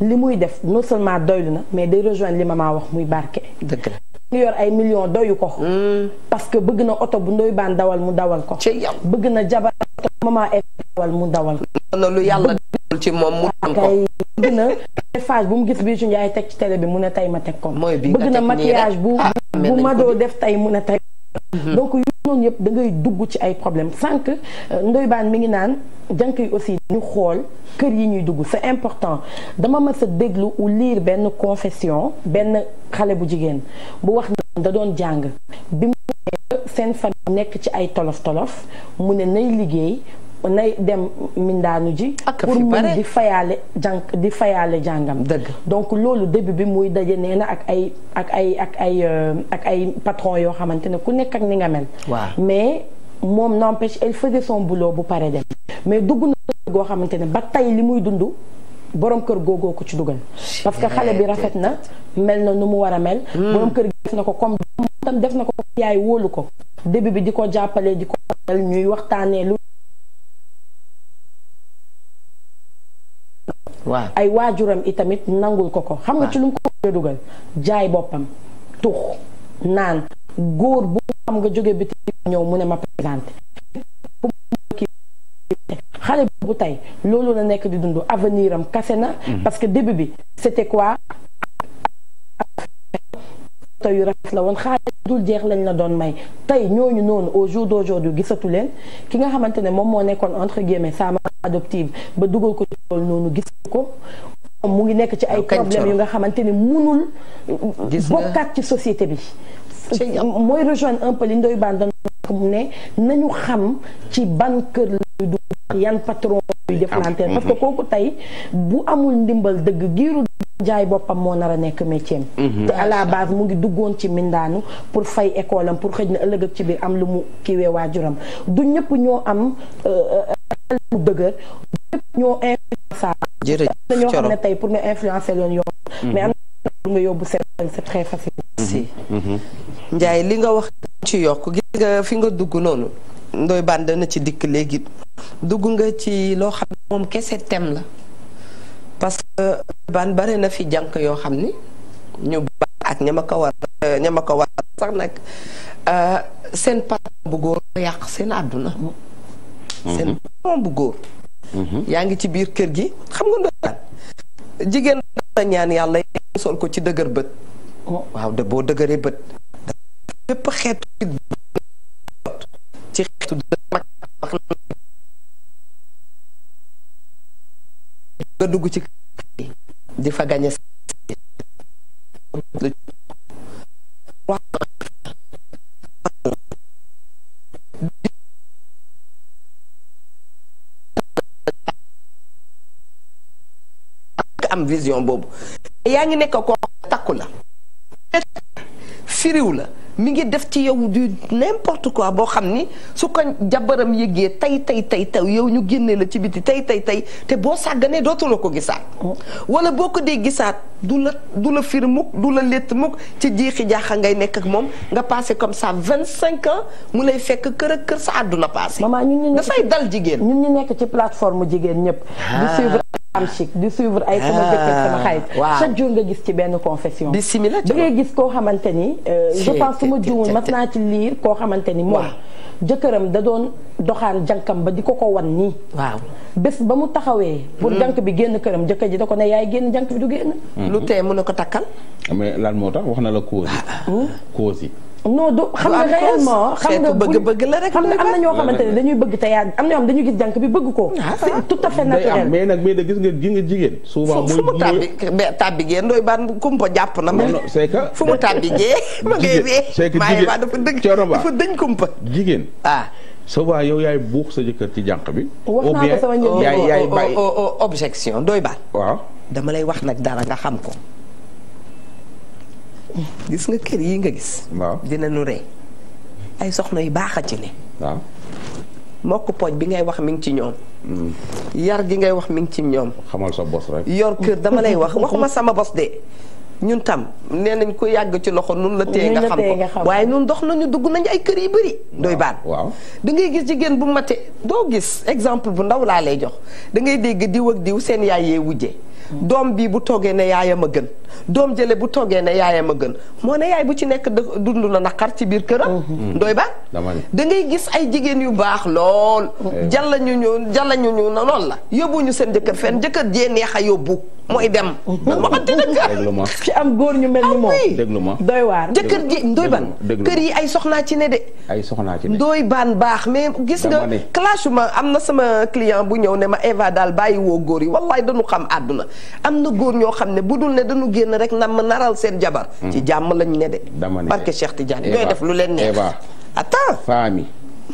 li muy def non seulement doylu na mais day rejoindre li ma maa wax muy barke. dëgg la yor ay million doyu ko. Mm. parce que bëgg na oto bu ndoy baan dawal mu dawal ko. ci bëgg na jabar oto mu dawal ko. loolu yàlla ci moom mu am ko mu gis Bijou Ndiaye teg ci télé bi mu ne tey ma teg ko. mooy bi nga teg bëgg na maquillage bu ah, ma doo def tey mu ne tey. Mm-hmm. donc yu noonu yëpp da ngay dugg ci ay problème sànq euh, ndoy baan mi ngi naan jànk yi aussi ñu xool kër yi ñuy dugg c'est important dama mës a déglu u liir benn confession benn xale bu jigéen bu wax na da doon jàng bi mu seen famille nekk ci ay tolof tolof mu ne nay liggéey nay dem mindaanu ji pour mën di fayaale jàng di fayaale jàngam dëgg donc loolu début bi muy daje nee na ak ay ak ay ak ay euh, ak ay patron yoo xamante ne ku nekk ak ni nga mel mais moom n'empêche elle faisait son boulot bu pare dem mais dugg na goo xamante ne ba tey li muy dund borom kër googoo ko ci duggal parce que xale bi rafet na mel na nu mu war a mel hmm. borom kër gi def na ko comme tam def na ko yaay wóolu ko début bi di ko jàppale di ko ñuy waxtaanee lu waaw ay waajuram itamit nangul ko ko xam nga ci lu mu ko dugal jaay boppam tux naan góor bu xam nga jóge biti ñëw mu ne ma présenté xale bu tey loolu la nekk di dundu avenir am kase na mhm. parce que début bi c'était quoi te yu rafet la woon xaalis dul jeex lañ la doon may tey ñooñu noonu au jour d'aujourd'hui gisatu leen ki nga xamante ne moom moo nekkoon entre guillemets sama adoptive ba duggal ko ci loolu noonu gis ko mu ngi nekk ci ay problème yu nga xamante ni munul bokkaat ci société bi mooy rejoindre un peu li ndoy baan mu ne nañu xam ci ban kër la du yan patron yu jëflanteel ah, parce que mhm. kooku tey bu amul ndimbal dëgg giiru jaay boppam moo nar a nekk métier mhm. te à mu ngi duggoon ci mindaanu pour fay école am pour xëj na ëllëg ak ci biir am lu mu kiiwee waajuram du ñëpp ñoo am euh, euh, mu dëgër ñëpp ñoo influençable tey pour nga influencer leen yoon mhm. mais mhm. si Ndiaye li nga wax ci yokk gis fi nga dugg noonu ndoy baan dana ci dikk léegi dugg nga ci loo xam ne moom kese thème la parce que baan bare na fi jànq yoo xam ni ñu baax ak ña ma ko war ña ma ko war sax nag euh, seen part bu góor yàq seen àdduna seen mhm. doom bu góor mhm. yaa ngi ci biir kër gi xam nga ndoyaan jigéen la ñaan yàlla sol ko ci dëgër bët oh. waaw de boo dëgëree bët bépp xeetu ci xeetu nga dugg ci di fa gañe am vision boobu yaa ngi nekk ko takku la firiw la mi ngi def ci yow du n'importe quoi boo xam ni su ko jabaram yëgee tey tey tey tey yow ñu génnee la ci biti tey tey tey te boo sàgganee dootuloo ko gisaat wala boo ko dee gisaat du la du la fir mukk du la lett mukk ci jiixi jaaxa ngay nekk ak moom nga passé comme ça vingt cinq ans mu lay fekk kër ak kër sa àdduna passé dafay dal jigéen ñun ñu nekk ci plateforme jigéen ñëpp ah. di suivre am chic di suivre ay sama jëkkër ah, sama xarit. chaque jour nga gis ci benn confession. bisimilah da ngay gis koo xamante ni. Euh, je pense su ma juumul mas naa ci liir koo xamante ni moom. jëkkëram da doon doxaan jànkam ba di ko ko wan nii. waaw bés ba mu taxawee. pour hmm. jànk bi génn këram jëkkër ji da ko ne yaay génn jànk bi du génn. Hmm. lu tee mën a ko takkal. mais lan moo tax wax na la cause yi. Ah, ah. cause yi. non du xam nga réellement nga bëgg-bëgg la rek xam am na ñoo xamante ne dañuy bëgg te yaag am na ñoo xam dañuy gis jànk bi bëgg ko c'est ah, ah, tout à mais nag mais da gis nga ji nga jigéen souvent fu mu tàbbi tàbbi gee ndooy baan kumpa jàpp na ma c'est que fu mu tàbbi gee ma ngay wee c'est jigéen dafa dëgg ah. yow yaay buux sa jëkkër ci jànq bi wax naa ko sama yaay yaay bàyyi oh, oh, oh, objection ndooy baan waaw dama lay wax nag dara nga xam ko gis nga kër yi nga gis. waaw dina nu rey ay soxna yu baax a ci ne. mokk pooj bi ngay wax mi ngi ci ñoom. Hmm. yar gi ngay wax mi ngi ci ñoom. xamal sa bos yor kër dama lay wax waxuma sama bos de. ñun tam nee nañ ko yàgg ci loxo nun la téye nga xam ko waaye ñun dox nañu dugg nañu ay kër yu bëri. doy baan waaw da ngay gis jigéen bu mate doo gis exemple bu ndaw laa lay jox da ngay dégg diw ak diw seen yaay yee wujje doom bii bu toogee ne yaayam a gën doom jële bu toogee ne yaayam a gën moo ne yaay bu ci nekk dund na naqar ci biir këram. Mm-hmm. doy ba da ngay gis ay jigéen yu baax lool. Eh. jàll ñu ñu jàll ñu ñu na lool la yóbbuñu seen jëkkër fen jëkkër jee neex a yóbbu mooy dem. nan mm-hmm. waxante dëgg fi am góor ñu mel ni moom ah déglu ma doy waar. jëkkër ji ndoy ban kër yi ay soxnaa ci ne de. ay soxnaa ci ne baan baax mais gis nga clash ma am na sama client bu ñëw ne ma Eva daal bàyyi woo góor yi wallaay dañu xam àdduna am na góor ñoo xam ne bu dul ne dañu génn rek nam naral seen jabar mm. ci jàmm lañ ne de. dama ne barke Cheikh Tidiane ñooy def lu leen neex attends faami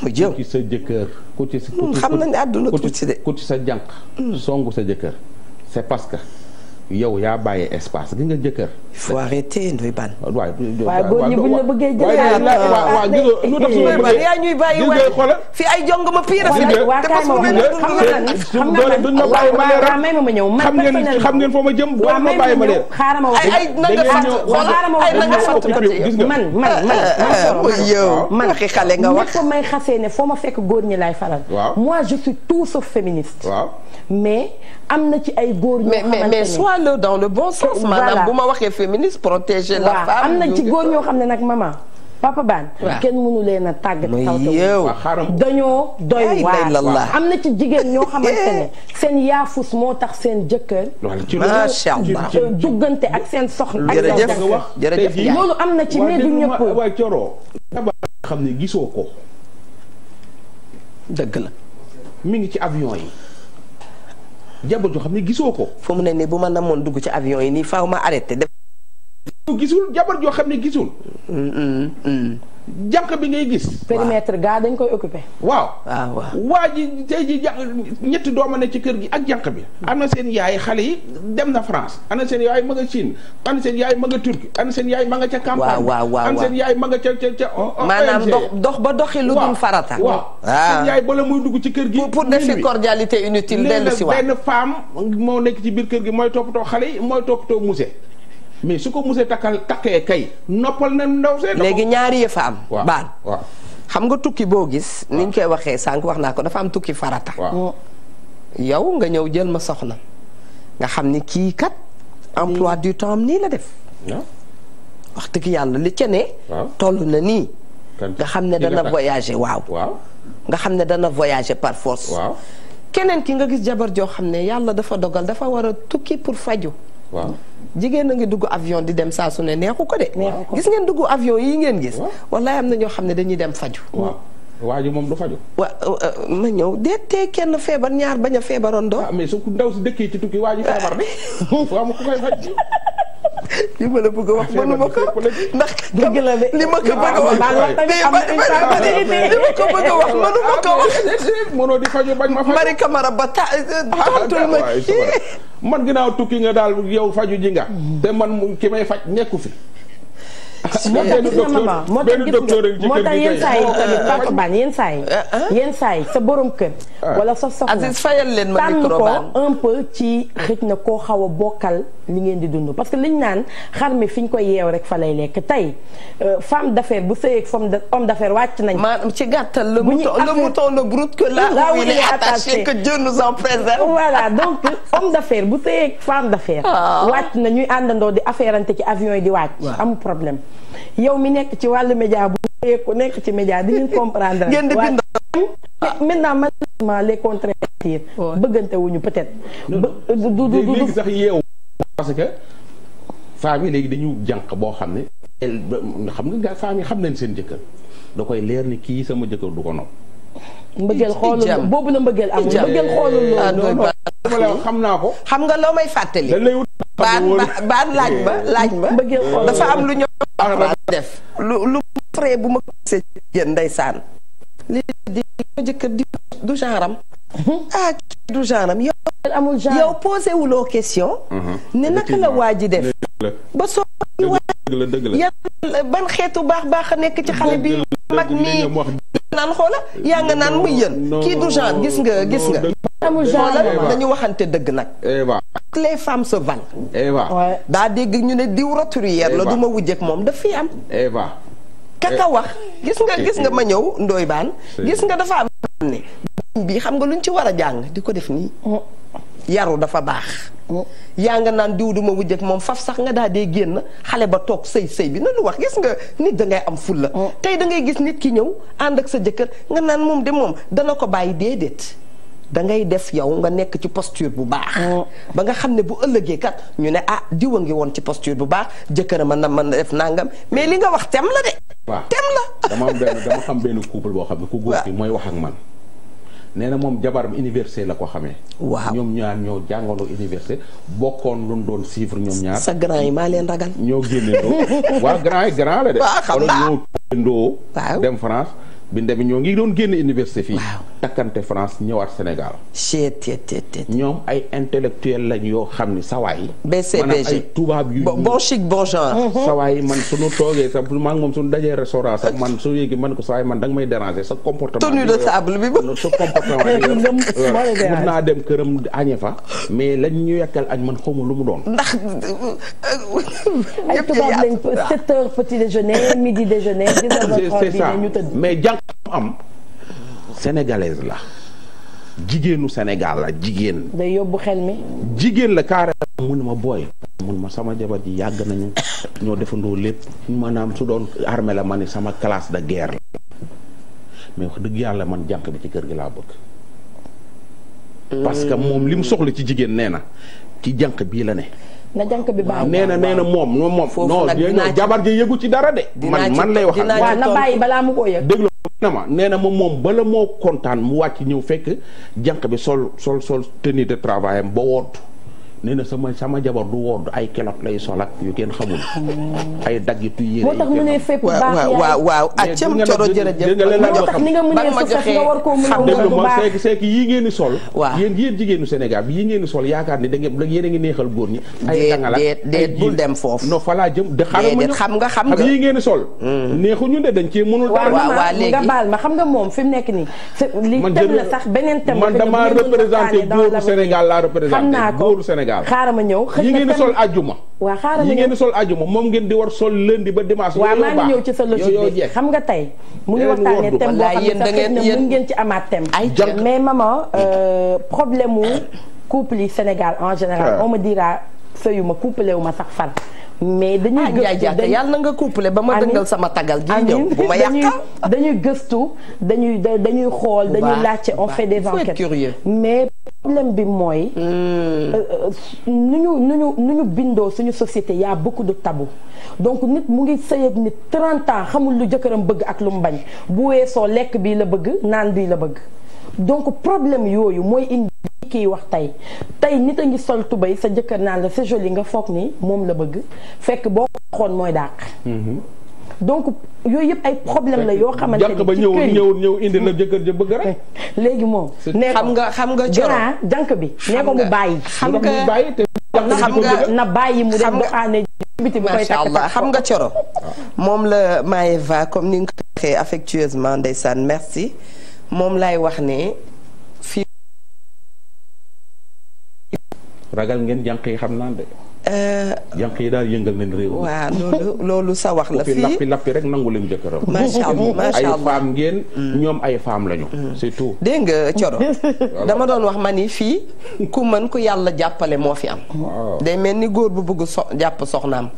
mu jëw ku ci sa jëkkër ku ci hmm, xam nañ àdduna tuuti de ku ci sa jànq hmm. songu sa jëkkër c'est parce que yow yaa bàyyi espace gi nga jëkkër. il faut arrêter ndoy ban. waaw waaw góor ñi bu ñu la bëggee jëlee waaw gis nga lu tax ma yaa ñuy bàyyi waaye fi ay jong ma pire. waaw kaay ma wax xam nga man waaw may ma ma ñëw man personnellement xam ngeen foo ma jëm. waaw may ma ma ñëw xaaral ma wax. ay na nga sant xaaral ma wax ay na nga sant man man man man soro man waxi xale nga wax. ñëpp may xasee ne foo ma fekk góor ñi laay faral. waaw moi je suis tout sauf féministe. waaw mais am na ci ay góor ñoo xamante ne le dans le bon sens. bu ma waxee féministe protégé la femme. am na ci góor ñoo xam ne nag maman. papa baan kenn mënu leen a tàggat taw dañoo doy waar am na ci jigéen ñoo xam ne seen yaafus moo tax seen jëkkër macha allah duggante ak seen soxla jërëjëf jërëjëf loolu am na ci mais xam ne gisoo ko dëgg la mi ngi ci avion jabar joo xam ne gisoo ko. fu mu ne nii bu ma namoon dugg ci avion yi nii faaw ma arrêté. bu gisul jabar joo xam ne gisul. jànq bi ngay gis. périmètre gaa dañ koy occupé. waaw ah, waaw waa ji tey ji ja ñetti dooma ne ci kër gi ak janq bi. am hmm. na seen yaay xale yi dem na France ana na seen yaay ma nga Chine am na seen yaay ma nga seen yaay ma nga ca. campagne am seen yaay ma nga ca ca ca. maanaam dox dox ba doxi lu dul farata. waaw ah. seen yaay bala muy dugg ci kër gi. pour defi cordialité inutile dellu si waat benn femme moo nekk ci biir kër gi mooy toppatoo xale yi mooy toppatoo musée. mais su ko musee takkal takkee kay noppal na ndaw see. léegi ñaari yëf a am. waaw baal xam nga tukki boo gis. ni ñu koy waxee sànq wax naa ko dafa am tukki farata. Oh. yow nga ñëw jël ma soxna nga xam ni kii kat. am nii la def. wax dëgg yàlla li ca ne. toll na nii. nga xam ne dana voyager waaw. nga xam ne dana voyager par force. keneen ki nga gis jabar joo xam ne yàlla dafa dogal dafa war a tukki pour fajo jigéen a ngi dugg avion di dem saa su ne neexu ko de. gis ngeen dugg avion yi ngeen gis. wallaay am na ñoo xam ne dañuy dem faju waaju moom du faju wa ma ñëw déet kenn feebar ñaar bañ feebaroon doo. Ah, mais su ndaw si dëkkee ci tukki waaju feebar de ma li ma la bëgg a wax mënuma ko ndax. dëgg la de li ma ko bëgg a wax. mënuma ko wax. Ah, mënoo di ba ta ah, tontul ma man ginnaaw tukki nga daal yow faju ji nga mm-hmm. te man ki may faj nekku fi moo tax yenn saa yi tamit ah. pakban yenn saa yi ah, ah. yenn saa yi sa borom kër wala sa soxna Aziz fayal leen ma micro ko un peu ci xëj na koo xaw a bokkal li ngeen di dund parce que liñ naan xar mi fi ñu koy yeew rek fa lay lekk tey euh, femme d'affaires bu sëyeeg femme homme d'affaires wàcc nañ maanaam ci gàttal le mouton le broute que là où il est attaché que Dieu nous en préserve voilà donc homme d'affaires bu sëyeeg femme d'affaires wàcc na ñuy àndandoo di affairante ci avion yi di wàcc am problème yow mi nekk ci wàllu média bu yeeg nekk ci média di ñu comprendre. ngeen di bind maintenant malheureusement les contraires bëggante wuñu peut-être. Euh, du du du léegi sax yeewu parce que femmes yi léegi dañu jànq boo xam ne. xam nga femmes yi xam nañ seen jëkkër da koy leer ni kii sama jëkkër du ko nopp. mbëggeel xoolul boobu la mbëggeel amul mbëggeel xoolul loolu. Ah, xam naa ko. xam nga loo may fàttali. baan baan laaj ba laaj ba dafa am lu ñoo def lu lu frère bu ma gisee jigéen ndeysaan lii di ko jëkkër di du genre am mhm. ah kii du genre am mhm. ne waa ji ba soo yàlla ban xeetu baax baax a nekk ci xale bi mag nii xoola yaa nga naan muy yën kii du genre gis nga gis nga amul genre dañu waxante dëgg nag. les femmes se valent. daa dégg ñu ne diw roturière la du ma wujjeek moom daf fi am. kaka wax gis nga eh, gis nga eh. ma ñëw ndoybaan gis nga dafa am ne bi xam nga lu luñ ci war a jàng di ko def nii mm. yaru dafa baax mm. yaa nga naan diw duma wujj ak moom faf sax nga daal dee génn xale ba toog sëy sëy bi nanu wax gis nga nit dangay am fulla mm. tey dangay gis nit ki ñëw ànd ak sa jëkkër nga naan moom de moom dana ko bàyyi dee déedéet da ngay def yow nga nekk ci posture bu baax. Mm. ba nga xam ne bu ëllëgee kat ñu ne ah diwa ngi woon ci posture bu baax jëkkër man na mën na def nangam mais li nga wax tem la de. tem la. dama am benn xam benn couple boo xam ne ku góor gi mooy wax ak man. nee na moom jabaram université la ko xamee. waaw ñoom ñaar ñoo jàngaloo université bokkoon lu doon suivre ñoom ñaar. sa grand yi maa leen ragal. ñoo génneendoo waaw grand yi grand la de. waaw xam naa doon génne université fii. takkante France ñëwaat Sénégal. ñoom ay intellectuel lañ yoo xam ni sawaay. BCBG maanaam ay tubaab yu. bon chic bon genre. Uh-huh. sawaay man suñu toogee sax maa ngi moom dajee restaurant sax man su yéegi man ko sawaay man danga may déranger sa comportement. tenue de table bi ba sa comportement. Euh, mën naa dem këram añe fa. mais lañ ñu yekkal añ man xawma lu mu doon. ndax. Euh, ay tubaab lañ 7 mais jàng am. sénégalaise la jigéenu Sénégal la jigéen. day yóbbu xel mi. jigéen la carrément. mun ma booy. mun ma sama jabar ji yàgg nañu ñoo defandoo lépp maanaam su doon armée la ma ne sama classe de guerre la mais dëgg yàlla man janq bi ci kër gi laa bëgg. parce que moom li mu soxla ci jigéen nee na ci janq bii la ne. na jànk bi baax nee na nee na moom jabar ji yëgu ci dara de. man lay wax ak. na bàyyi balaa mu ko yëg ma nee na ma moom bala moo kontaan mu wàcc ñëw fekk jànq bi sol sol sol tenue de travail am ba wootu nee na sama sama jabar du woon ay kelot lay sol ak yu kenn xamul. Oh. ay daggitu yére moo tax mu ne fépp baax yaay waaw waaw acam coro jërëjëf moo tax ni nga mënee suuf nga a déglu ma seek yii ngeen sol waaw yéen yéen jigéenu Sénégal bi yii ngeen di sol yaakaar ni da ngeen yéen a ngi neexal góor ñi ay dangal déet déet bul dem foofu non fa jëm xam nga xam nga yii ngeen di sol mm. neexu ñu de dañ cee mënul dara léegi nga baal xam nga moom fi mu nekk nii li tem la sax beneen tem man dama représenté góoru Sénégal laa Sénégal xaaral ma ñëw xëy na yi ngeen di sol àjjuma waaw xaaral ma ngeen di sol àjjuma moom ngeen di war sol lundi ba dimanche waaw maa ngi ñëw ci sa logique xam nga tey mu ngi waxtaanee thème boo xam ne sax na mën ngeen ci amaat thème mais maman euh, problème mu couple yi Sénégal en général ah. on me dira sëyu ma couple wu ma sax fan mais dañuy ah, gëstu yàlla na nga couplé ba ma dëngal sama tagal ji ñëw bu ma yàqal dañuy gëstu dañuy dañuy xool dañuy laajte on fait des enquêtes mais problème bi mooy hmm. euh, euh, nu ñu nu ñu nu ñu bindoo suñu société y a beaucoup de donc nit mu ngi sëy nit 30 ans xamul lu jëkkëram bëgg ak lu mu bañ bu weesoo lekk bii la bëgg naan bii la bëgg donc problème yooyu mooy kii wax tey tey nit a ngi sol tubéy sa jëkkër naa la c'est joli nga foog ni moom la bëgg fekk boo ko xoon mooy dàq mm-hmm. donc yooyu yëpp ay problème la yoo xamante ni ba ñëw ñëw ñëw indi na jëkkër bëgg eh, léegi moom nee xam nga xam nga coro jànq bi nee ko mu bàyyi xam nga na bàyyi mu dem ba aane biti bu koy takk takk xam nga coro moom la Maeva comme ni nga ko waxee affectueusement ndeysaan merci moom laay wax ne ragal ngeen jànq yi xam naa de. Euh, jànq yi daal yëngal nañ réew. waaw loolu sa wax la fii lappi lappi rek nangu leen jëkkëram. macha allah macha allah ay mm. ñoom ay femmes lañu. Mm. c'est tout. dégg nga Coro dama doon wax ma ni fii ku mën ku yàlla jàppale moo fi am. day mel ni góor bu bëgg so jàpp soxnaam.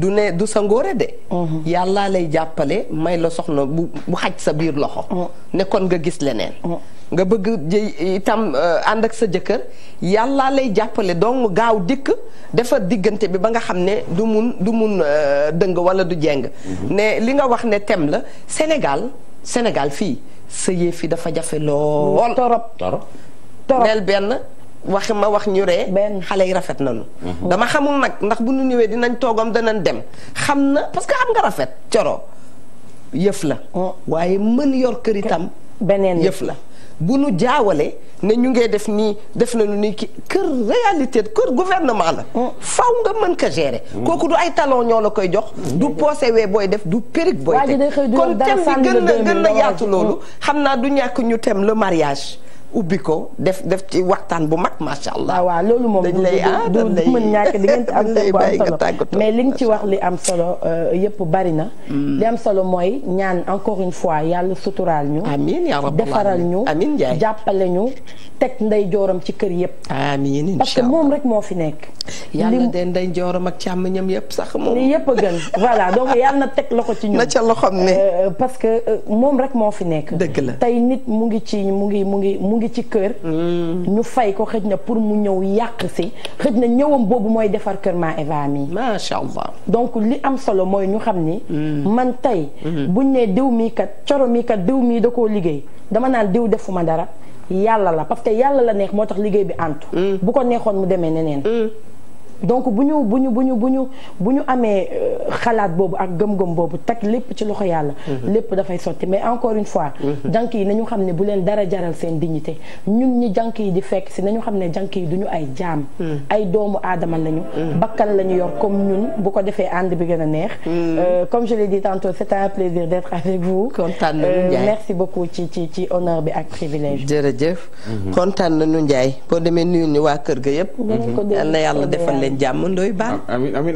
du ne du sa ngóore de. Mm-hmm. yàllaa lay jàppale may la soxna bu xaj sa biir loxo. Mm. ne nga gis leneen. nga bëgg itam euh, ànd ak sa jëkkër yàlla lay jàppale dong gaaw dikk defar diggante bi ba nga xam ne du mun du mun euh, dëng wala du jeng mhm. ne li nga wax ne tem la senegal senegal fii sëyee fi dafa jafe lool torop torop benn wax ma wax ñu ree xale yi rafet na nañu mhm. dama xamul nag ndax bu nu ñëwee dinañ toogam danañ dem xam na parce que xam nga rafet coro yëf la oh. waaye mën yor kër itam beneen yëf la bu nu jaawalee ne ñu ngee def nii def nañu nii kii kër réalité kër gouvernement la. Mm. faw nga mën ko gérer. Mm. kooku du ay talon ñoo la koy jox. du mm. poosé wee booy def du périg booy. kon thème bi gën na gën na yaatu loolu. xam naa du ñàkk ñu thème le mariage. ubbi ko def def ci waxtaan bu mag macha allah. Ah, waaw loolu moom du du ah, mën ñàkk di ngeen ci am solo mais li nga ci wax li am solo euh, yëpp bari na. Mm. li am solo mooy ñaan encore fois yàlla suturaal ñu. amiin yaa rabbal defaral ñu. amiin Ndiaye jàppale ñu teg ndey jooram ci kër yëpp. amiin incha allah parce que moom rek moo fi nekk. yàlla de ndey jooram ak càmm ñam yëpp sax moom. yëpp gën voilà donc na teg loxo ci ñun. na euh, parce que euh, moom rek moo fi nekk. dëgg la tey nit mu ngi ci mu ngi mu ngi ci kër. Mm. ñu fay ko xëj na pour mu ñëw yàq si xëj na ñëwam boobu mooy defar kër maa Eva mii. macha donc li am solo mooy ñu xam ni. Mm. man tey. Mm-hmm. buñ nee diw mii kat coro mii kat diw mii da koo liggéey dama naan diw defuma dara yàlla la parce que yàlla la neex moo tax liggéey bi antu. Mm. bu ko neexoon mu demee neneen. donc bu ñu bu ñu bu ñu bu ñu bu ñu amee euh, xalaat boobu ak gëm-gëm boobu teg lépp ci loxo yàlla. Mm-hmm. lépp dafay sotti mais encore une fois. Mm-hmm. jànk yi nañu xam ne bu leen dara jaral seen dignité ñun ñi jànk yi di fekk si nañu xam ne jànk yi duñu ay jaam. Mm. ay doomu aadama lañu. Mm. bakkan lañu yor comme ñun bu ko defee ànd bi gën a neex. Mm. Euh, comme je l'ai dit tantôt c'est un plaisir d'être avec vous. kontaan nañu euh, Ndiaye merci beaucoup ci ci ci honneur bi ak privilège bi. jërëjëf mm-hmm. kontaan nañu Ndiaye boo demee nuyu ñu waa kër ga yëpp. yàlla yàlla defal leen jàmm ndoy